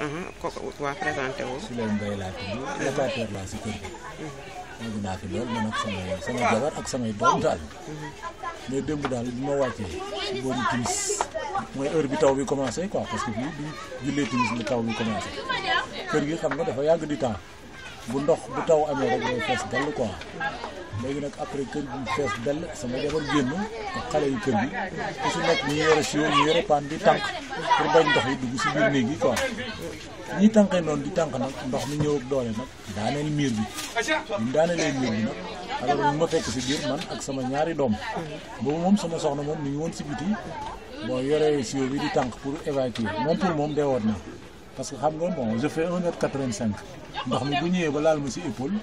Uh-huh. kooku waa présenté wu. Souley Mbaye laa tudd. locataire laa si kër gi. yàgg uh-huh. naa fi lool man ak sama sama ak samay doom daal. Uh-huh. mais démb daal bi ma wàccee si boobu timis mooy heure bi taw bi commencé quoi parce que fii bi jullee timis la taw bi commencé kër gi xam nga dafa yàgg di temps bu ndox bu taw amee rek day fees dal quoi. léegi nag après kër gi fees dell sama jabar génn ak xale yu kër gi ku si nekk ñu yore siwo ñu yore paan di tànk pour bañ ndox yi dugg si biir néeg yi quoi ñi tànkee noonu di tànk nag ndox mi ñëw ak doole bi ñu bi ñu ma fekk biir man ak sama ñaari dom. boobu sama soxna moom mi ngi woon si biti bon yore siwo bi di tank pour évacuer moom pour moom deewoon na parce que xam nga bon je fais 1 mètre 85 ndox mi bu ba laal ma épaule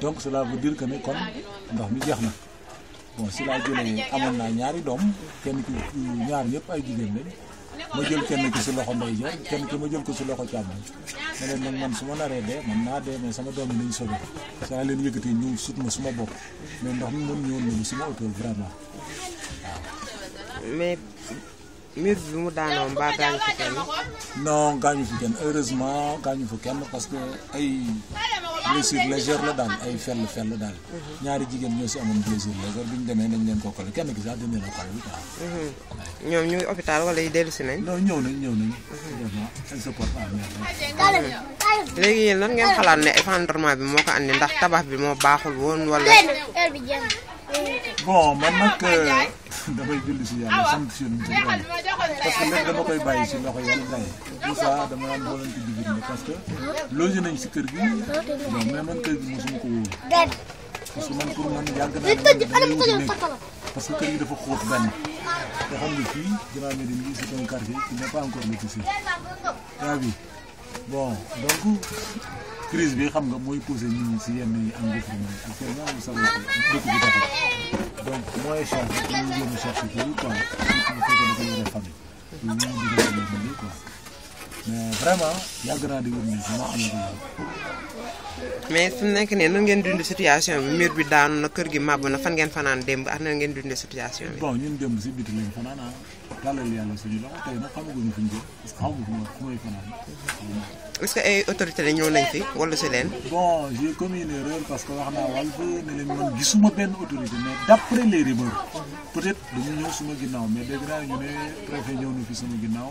donc cela veut dire que ne kon ndox mi jeex na bon si laa jëlee amoon naa ñaari doom kenn ki ñaar ñëpp ay jigéen lañ ma jël kenn ki si loxo ndeyjoor kenn ki ma jël ko si loxo càmmoñ ma leen nag su ma naree de man naa dee mais sama doom yi nañ sobe saa leen yëkkati ñu sut ma su ma bopp mais ndox mi mën ñëwoon nañu suma oto vraiment waaw. mais mur bi mu daanoo mbaa gaañu fi kenn. heureusement gaañu fi kenn parce que ay. blessure légère la daan ay fell fell daal ñaari jigéen ñoo si amoon demee dañ leen ko collé kenn ki sax mm-hmm. ñoom ñu ngi hôpital wala yi dellu si nañ non ñëw nañ ñëw nañ elle se porte bien léegi xalaat ne effondrement bi moo ko andi ndax tabax bi moo baaxul woon wala bon man nag damay julli si yàlla ah, sant si yéen parce que lépp dama koy bàyyi si loxo yàlla bàyyi tout ça dama naan volonté divine la parce que logé nañ si kër gi bon mais man kër gi mosuma ko wóolu parce que man pour man parce que kër gi dafa xóot benn te xam nga fii Grand Médine bi c'est un quartier qui n'est pas encore métissé yaa bi bon donc crise bi xam nga mooy poussé nit ñi si yenn yi engouffrement yi ak yenn yi sax dëkk bi dafa donc mooy cherche ñu jéem a cherche mais vraiment yàgg naa di wut ñun mais fi mu nekk nii nu ngeen dund situation bi mur bi daanu na kër gi màbb na fan ngeen fanaan démb ak nan ngeen dundee situation bi. bon ñun démb si biti lañ fanaan ah dalal yàlla parce que fanaan. est-ce que ay autorités la ñëw nañ fi wala si bon j'ai commis une erreur parce que wax naa wàllu ne benn autorité mais d'après les rumeurs peut-être dañu ñëw suma ginnaaw mais dégg naa ñu ne préfet ñëw na fi sama ginnaaw.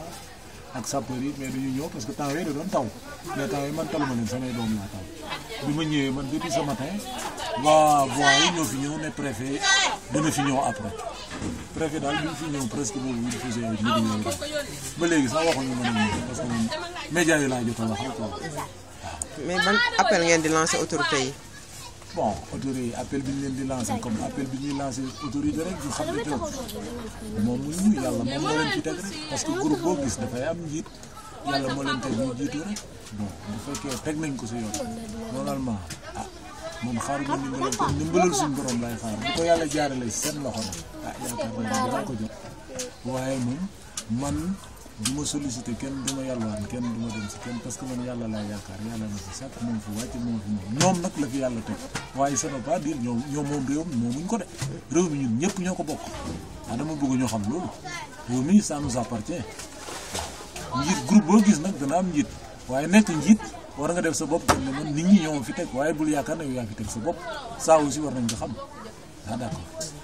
ak sa yi mais dañu ñëw parce que temps yooyu da doon taw mais temps yooyu man taluma samay doom laa taw bi ma ñëwee man depuis ce matin waa voie yi ñoo fi ñëw ne préfet dina fi ñëw après préfet daal bi ñu fi ñëw presque boobu ñu fusé ay midi yooyu ba léegi sax waxuñu ma ne parce que moom média yi laa jot a waxal mais ban appel ngeen di lancer autorité yi. bon autorité appel bi ñu leen di lancer comme appel bi ñuy lancer autorité rek ñu xam ne tey moom muy muy yàlla moom moo leen fi rek parce que groupe boo gis dafay am njiit yàlla teg fekkee teg nañ ko si yoon normalement ah moom xaaruma ndimbalal ko ndimbalal suñu borom lay xaar bu ko yàlla jaarale seen loxo nag ah yaakaar ko jot moom man. duma sollicité kenn duma yalwaan kenn duma dem si kenn parce que man yàlla laa yaakaar yàlla na fi sàkk moom fi wàcc moom fi moom ñoom nag la fi yàlla teg waaye ça ne pas dire ñoom ñoom moom réew mi moomuñ ko de réew mi ñun ñëpp ñoo ko bokk ah dama bëgg ñu xam loolu réew mi ça nous appartient njiit groupe boo gis nag dana am njiit waaye nekk njiit war nga def sa bopp ne man nit ñi ñoo fi teg waaye bul yaakaar ne yow yaa fi teg sa bopp ça aussi war nañ ko xam ah d' accord